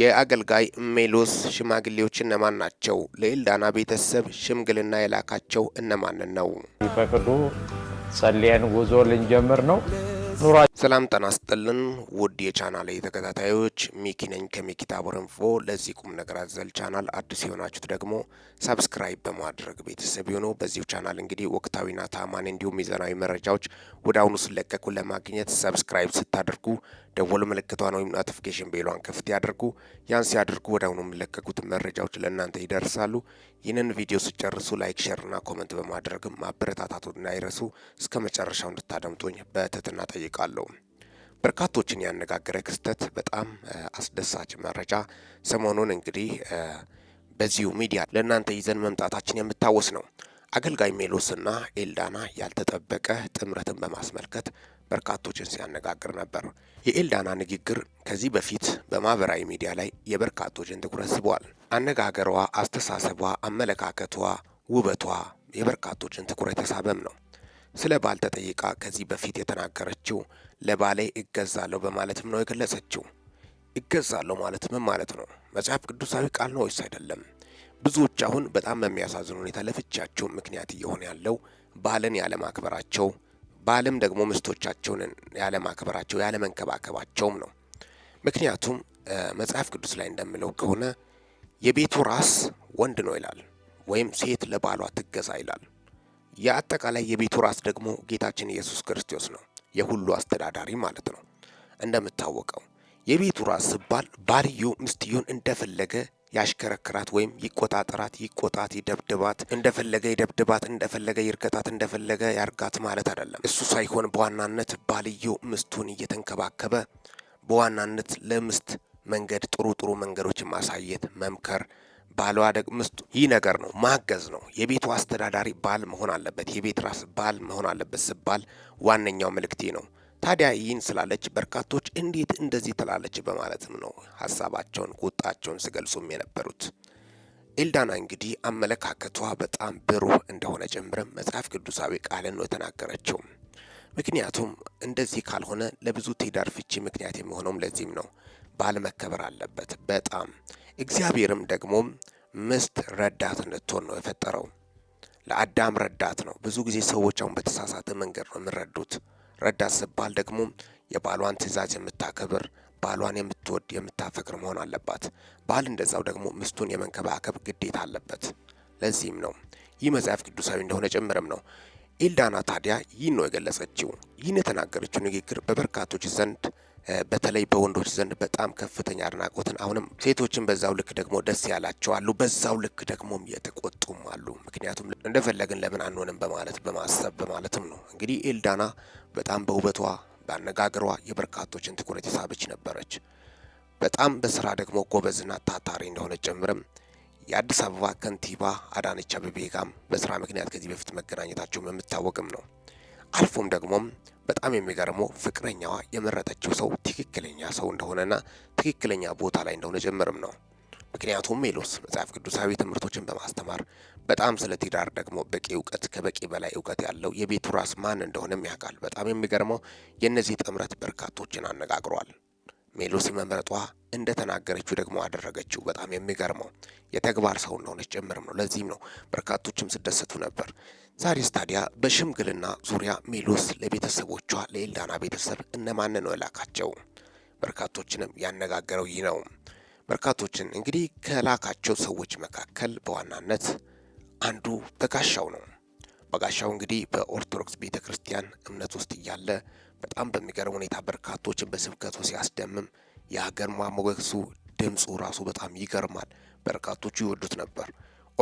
የአገልጋይ ሜሎስ ሽማግሌዎች እነማን ናቸው? ለኤልዳና ቤተሰብ ሽምግልና የላካቸው እነማንን ነው? ፈቅዱ ጸልየን ጉዞ ልንጀምር ነው። ሰላም ጠና ስጥልን ውድ የቻናል ተከታታዮች፣ ሚኪ ነኝ ከሚኪ ታቦር ኢንፎ። ለዚህ ቁም ነገር አዘል ቻናል አዲስ የሆናችሁት ደግሞ ሳብስክራይብ በማድረግ ቤተሰብ ይሁኑ። በዚሁ ቻናል እንግዲህ ወቅታዊና ታማኒ እንዲሁም ሚዛናዊ መረጃዎች ወደ አሁኑ ስለቀቁ ለማግኘት ሳብስክራይብ ስታደርጉ ደወሉ ምልክቷን ወይም ኖቲፊኬሽን ቤሏን ክፍት ያድርጉ። ያን ሲያደርጉ ወደ አሁኑ የሚለቀቁት መረጃዎች ለእናንተ ይደርሳሉ። ይህንን ቪዲዮ ስጨርሱ ላይክ፣ ሼር ና ኮመንት በማድረግም ማበረታታቱ እንዳይረሱ እስከ መጨረሻው እንድታደምጡኝ በትህትና ጠይቃለሁ። በርካቶችን ያነጋገረ ክስተት በጣም አስደሳች መረጃ ሰሞኑን እንግዲህ በዚሁ ሚዲያ ለእናንተ ይዘን መምጣታችን የሚታወስ ነው። አገልጋይ ሜሎስና ኤልዳና ያልተጠበቀ ጥምረትን በማስመልከት በርካቶችን ሲያነጋግር ነበር። የኤልዳና ንግግር ከዚህ በፊት በማህበራዊ ሚዲያ ላይ የበርካቶችን ትኩረት ስቧል። አነጋገሯ፣ አስተሳሰቧ፣ አመለካከቷ፣ ውበቷ የበርካቶችን ትኩረት የተሳበም ነው። ስለ ባል ተጠይቃ ከዚህ በፊት የተናገረችው ለባሌ እገዛለሁ በማለትም ነው የገለጸችው። እገዛለሁ ማለት ምን ማለት ነው? መጽሐፍ ቅዱሳዊ ቃል ነው ወይስ አይደለም? ብዙዎች አሁን በጣም በሚያሳዝን ሁኔታ ለፍቻቸው ምክንያት እየሆነ ያለው ባልን ያለማክበራቸው በዓለም ደግሞ ምስቶቻቸውን ያለማክበራቸው ያለመንከባከባቸውም ነው። ምክንያቱም መጽሐፍ ቅዱስ ላይ እንደሚለው ከሆነ የቤቱ ራስ ወንድ ነው ይላል፣ ወይም ሴት ለባሏ ትገዛ ይላል። የአጠቃላይ የቤቱ ራስ ደግሞ ጌታችን ኢየሱስ ክርስቶስ ነው፣ የሁሉ አስተዳዳሪ ማለት ነው። እንደምታወቀው የቤቱ ራስ ሲባል ባልዩ ምስትዩን እንደፈለገ ያሽከረክራት ወይም ይቆጣጠራት፣ ይቆጣት፣ ይደብድባት፣ እንደፈለገ ይደብድባት፣ እንደፈለገ ይርገጣት፣ እንደፈለገ ያርጋት ማለት አይደለም። እሱ ሳይሆን በዋናነት ባልየው ምስቱን እየተንከባከበ በዋናነት ለምስት መንገድ ጥሩ ጥሩ መንገዶች ማሳየት መምከር ባሏ ምስቱ ይህ ነገር ነው፣ ማገዝ ነው። የቤቱ አስተዳዳሪ ባል መሆን አለበት፣ የቤት ራስ ባል መሆን አለበት ስባል ዋነኛው መልእክቴ ነው። ታዲያ ይህን ስላለች በርካቶች እንዴት እንደዚህ ትላለች በማለትም ነው ሀሳባቸውን ቁጣቸውን ሲገልጹም የነበሩት። ኤልዳና እንግዲህ አመለካከቷ በጣም ብሩህ እንደሆነ ጭምርም መጽሐፍ ቅዱሳዊ ቃልን ነው የተናገረችው። ምክንያቱም እንደዚህ ካልሆነ ለብዙ ትዳር ፍቺ ምክንያት የሚሆነውም ለዚህም ነው። ባል መከበር አለበት በጣም እግዚአብሔርም ደግሞ ምስት ረዳት እንድትሆን ነው የፈጠረው። ለአዳም ረዳት ነው። ብዙ ጊዜ ሰዎች አሁን በተሳሳተ መንገድ ነው የሚረዱት። ረዳት ስባል ደግሞ የባሏን ትዕዛዝ የምታከብር ባሏን የምትወድ የምታፈቅር መሆን አለባት። ባል እንደዛው ደግሞ ሚስቱን የመንከባከብ ግዴታ አለበት። ለዚህም ነው ይህ መጽሐፍ ቅዱሳዊ እንደሆነ ጭምርም ነው። ኤልዳና ታዲያ ይህን ነው የገለጸችው። ይህን የተናገረችው ንግግር በበርካቶች ዘንድ በተለይ በወንዶች ዘንድ በጣም ከፍተኛ አድናቆትን አሁንም ሴቶችን በዛው ልክ ደግሞ ደስ ያላቸው አሉ። በዛው ልክ ደግሞም የተቆጡም አሉ። ምክንያቱም እንደፈለግን ለምን አንሆንም በማለት በማሰብ በማለትም ነው። እንግዲህ ኤልዳና በጣም በውበቷ በአነጋገሯ የበርካቶችን ትኩረት የሳበች ነበረች። በጣም በስራ ደግሞ ጎበዝና ታታሪ እንደሆነ ጭምርም የአዲስ አበባ ከንቲባ አዳነች አቤቤ ጋም በስራ ምክንያት ከዚህ በፊት መገናኘታቸው የምታወቅም ነው። አልፎም ደግሞም በጣም የሚገርመው ፍቅረኛዋ የመረጠችው ሰው ትክክለኛ ሰው እንደሆነና ትክክለኛ ቦታ ላይ እንደሆነ ጭምርም ነው። ምክንያቱም ሜሎስ መጽሐፍ ቅዱሳዊ ትምህርቶችን በማስተማር በጣም ስለ ትዳር ደግሞ በቂ እውቀት ከበቂ በላይ እውቀት ያለው የቤቱ ራስ ማን እንደሆነም ያውቃል። በጣም የሚገርመው የእነዚህ ጥምረት በርካቶችን አነጋግሯል። ሜሎስ መምረጧ እንደተናገረችው ደግሞ አደረገችው። በጣም የሚገርመው የተግባር ሰው እንደሆነች ጭምርም ነው። ለዚህም ነው በርካቶችም ሲደሰቱ ነበር። ዛሬስ ታዲያ በሽምግልና ዙሪያ ሜሎስ ለቤተሰቦቿ ለኤልዳና ቤተሰብ እነማንን ነው የላካቸው? በርካቶችንም ያነጋገረው ይህ ነው። በርካቶችን እንግዲህ ከላካቸው ሰዎች መካከል በዋናነት አንዱ በጋሻው ነው። በጋሻው እንግዲህ በኦርቶዶክስ ቤተ ክርስቲያን እምነት ውስጥ እያለ በጣም በሚገርም ሁኔታ በርካቶችን በስብከቱ ሲያስደምም የሀገር ማሞገሱ ድምፁ ራሱ በጣም ይገርማል። በርካቶቹ ይወዱት ነበር።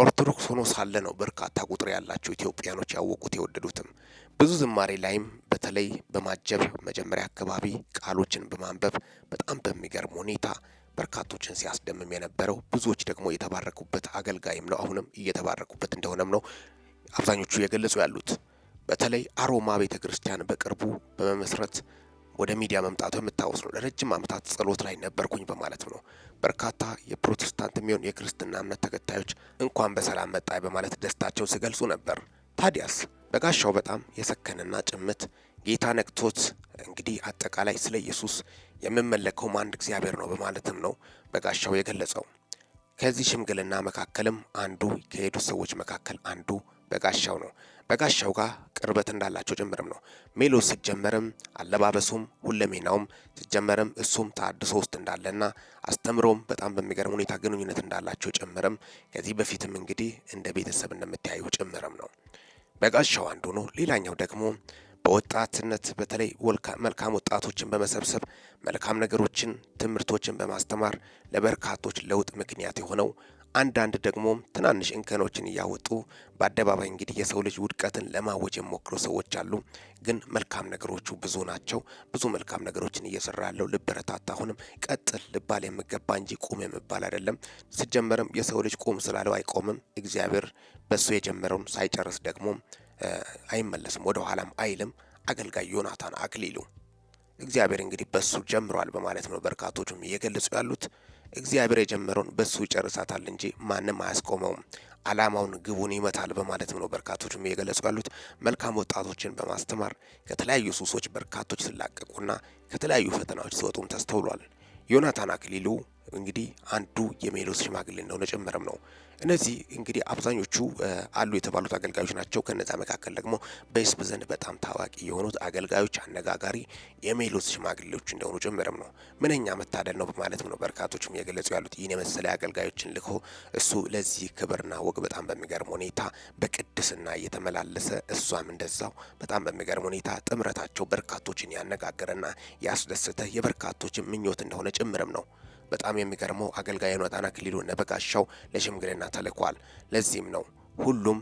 ኦርቶዶክስ ሆኖ ሳለ ነው በርካታ ቁጥር ያላቸው ኢትዮጵያኖች ያወቁት የወደዱትም። ብዙ ዝማሬ ላይም በተለይ በማጀብ መጀመሪያ አካባቢ ቃሎችን በማንበብ በጣም በሚገርም ሁኔታ በርካቶችን ሲያስደምም የነበረው ብዙዎች ደግሞ የተባረኩበት አገልጋይም ነው። አሁንም እየተባረኩበት እንደሆነም ነው አብዛኞቹ እየገለጹ ያሉት። በተለይ አሮማ ቤተ ክርስቲያን በቅርቡ በመመስረት ወደ ሚዲያ መምጣቱ የምታወስ ነው። ለረጅም ዓመታት ጸሎት ላይ ነበርኩኝ በማለት ነው። በርካታ የፕሮቴስታንት የሚሆን የክርስትና እምነት ተከታዮች እንኳን በሰላም መጣይ በማለት ደስታቸው ሲገልጹ ነበር። ታዲያስ በጋሻው በጣም የሰከነና ጭምት ጌታ ነቅቶት እንግዲህ አጠቃላይ ስለ ኢየሱስ የምመለከውም አንድ እግዚአብሔር ነው በማለትም ነው በጋሻው የገለጸው። ከዚህ ሽምግልና መካከልም አንዱ ከሄዱት ሰዎች መካከል አንዱ በጋሻው ነው። በጋሻው ጋር ቅርበት እንዳላቸው ጭምርም ነው። ሜሎ ሲጀመርም አለባበሱም ሁለሜናውም ሲጀመርም እሱም ታድሶ ውስጥ እንዳለና አስተምሮም በጣም በሚገርም ሁኔታ ግንኙነት እንዳላቸው ጭምርም ከዚህ በፊትም እንግዲህ እንደ ቤተሰብ እንደምትያዩ ጭምርም ነው። በጋሻው አንዱ ነው። ሌላኛው ደግሞ በወጣትነት በተለይ መልካም ወጣቶችን በመሰብሰብ መልካም ነገሮችን ትምህርቶችን በማስተማር ለበርካቶች ለውጥ ምክንያት የሆነው አንዳንድ ደግሞ ትናንሽ እንከኖችን እያወጡ በአደባባይ እንግዲህ የሰው ልጅ ውድቀትን ለማወጅ የሚሞክሩ ሰዎች አሉ። ግን መልካም ነገሮቹ ብዙ ናቸው። ብዙ መልካም ነገሮችን እየሰራ ያለው ልበረታታ፣ አሁንም ቀጥል ልባል የምገባ እንጂ ቁም የምባል አይደለም። ሲጀመርም የሰው ልጅ ቁም ስላለው አይቆምም። እግዚአብሔር በሱ የጀመረውን ሳይጨርስ ደግሞ አይመለስም፣ ወደ ኋላም አይልም። አገልጋይ ዮናታን አክሊሉ እግዚአብሔር እንግዲህ በሱ ጀምሯል በማለት ነው በርካቶቹም እየገለጹ ያሉት። እግዚአብሔር የጀመረውን በሱ ይጨርሳታል እንጂ ማንም አያስቆመውም። አላማውን ግቡን ይመታል በማለትም ነው በርካቶችም እየገለጹ ያሉት። መልካም ወጣቶችን በማስተማር ከተለያዩ ሱሶች በርካቶች ሲላቀቁና ከተለያዩ ፈተናዎች ሲወጡም ተስተውሏል። ዮናታን አክሊሉ እንግዲህ አንዱ የሜሎስ ሽማግሌ እንደሆነ ጭምርም ነው። እነዚህ እንግዲህ አብዛኞቹ አሉ የተባሉት አገልጋዮች ናቸው። ከነዛ መካከል ደግሞ በሕዝብ ዘንድ በጣም ታዋቂ የሆኑት አገልጋዮች፣ አነጋጋሪ የሜሎስ ሽማግሌዎች እንደሆኑ ጭምርም ነው። ምንኛ መታደል ነው በማለትም ነው በርካቶችም የገለጹ ያሉት። ይህን የመሰለ አገልጋዮችን ልኮ እሱ ለዚህ ክብርና ወግ በጣም በሚገርም ሁኔታ በቅድስና እየተመላለሰ እሷም እንደዛው በጣም በሚገርም ሁኔታ ጥምረታቸው በርካቶችን ያነጋገረና ያስደሰተ የበርካቶችን ምኞት እንደሆነ ጭምርም ነው። በጣም የሚገርመው አገልጋዩ ዮናታን አክሊሉ ነበጋሻው ለሽምግልና ተልኳል። ለዚህም ነው ሁሉም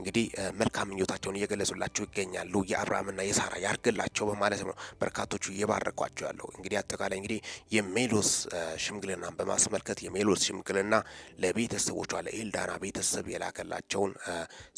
እንግዲህ መልካም ምኞታቸውን እየገለጹላቸው ይገኛሉ። የአብርሃምና የሳራ ያርግላቸው በማለት ነው በርካቶቹ እየባረኳቸው ያለው። እንግዲህ አጠቃላይ እንግዲህ የሜሎስ ሽምግልናን በማስመልከት የሜሎስ ሽምግልና ለቤተሰቦቿ ለኤልዳና ቤተሰብ የላከላቸውን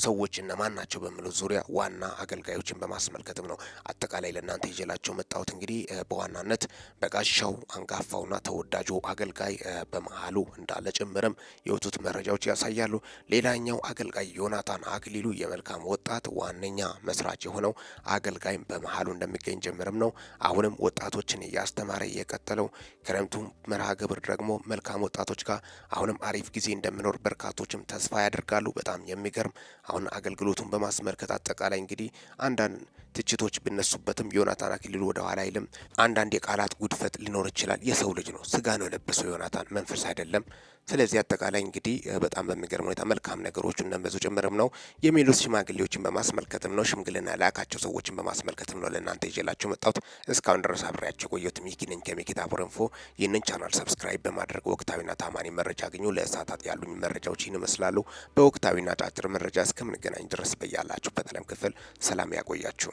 ሰዎች እነማን ናቸው ዙሪያ ዋና አገልጋዮችን በማስመልከትም ነው አጠቃላይ ለእናንተ ይዤላቸው መጣሁት። እንግዲህ በዋናነት በጋሻው አንጋፋውና ተወዳጁ አገልጋይ በመሀሉ እንዳለ ጭምርም የወጡት መረጃዎች ያሳያሉ። ሌላኛው አገልጋይ ዮናታን አግሊ የክልሉ የመልካም ወጣት ዋነኛ መስራች የሆነው አገልጋይም በመሀሉ እንደሚገኝ ጀምርም ነው። አሁንም ወጣቶችን እያስተማረ የቀጠለው ክረምቱ መርሃ ግብር ደግሞ መልካም ወጣቶች ጋር አሁንም አሪፍ ጊዜ እንደሚኖር በርካቶችም ተስፋ ያደርጋሉ። በጣም የሚገርም አሁን አገልግሎቱን በማስመልከት አጠቃላይ እንግዲህ አንዳንድ ትችቶች ብነሱበትም ዮናታን አክሊሉ ወደ አይልም። አንዳንድ የቃላት ጉድፈት ሊኖር ይችላል። የሰው ልጅ ነው፣ ስጋ ነው የለበሰው ዮናታን መንፈስ አይደለም። ስለዚህ አጠቃላይ እንግዲህ በጣም በሚገርም ሁኔታ መልካም ነገሮቹ እንደበዙ ጭምርም ነው የሚሉት። ሽማግሌዎችን በማስመልከትም ነው ሽምግልና ላካቸው ሰዎችን በማስመልከትም ነው ለእናንተ ይዤላችሁ መጣሁት። እስካሁን ድረስ አብሬያቸው ቆየሁት። ሚኪ ነኝ ከሚኪ ታቦር ኢንፎ። ይህንን ቻናል ሰብስክራይብ በማድረግ ወቅታዊና ታማኒ መረጃ አግኙ። ለእሳታት ያሉኝ መረጃዎች ይህን ይመስላሉ። በወቅታዊና አጫጭር መረጃ እስከምንገናኝ ድረስ በያላችሁበት ዓለም ክፍል ሰላም ያቆያችሁ።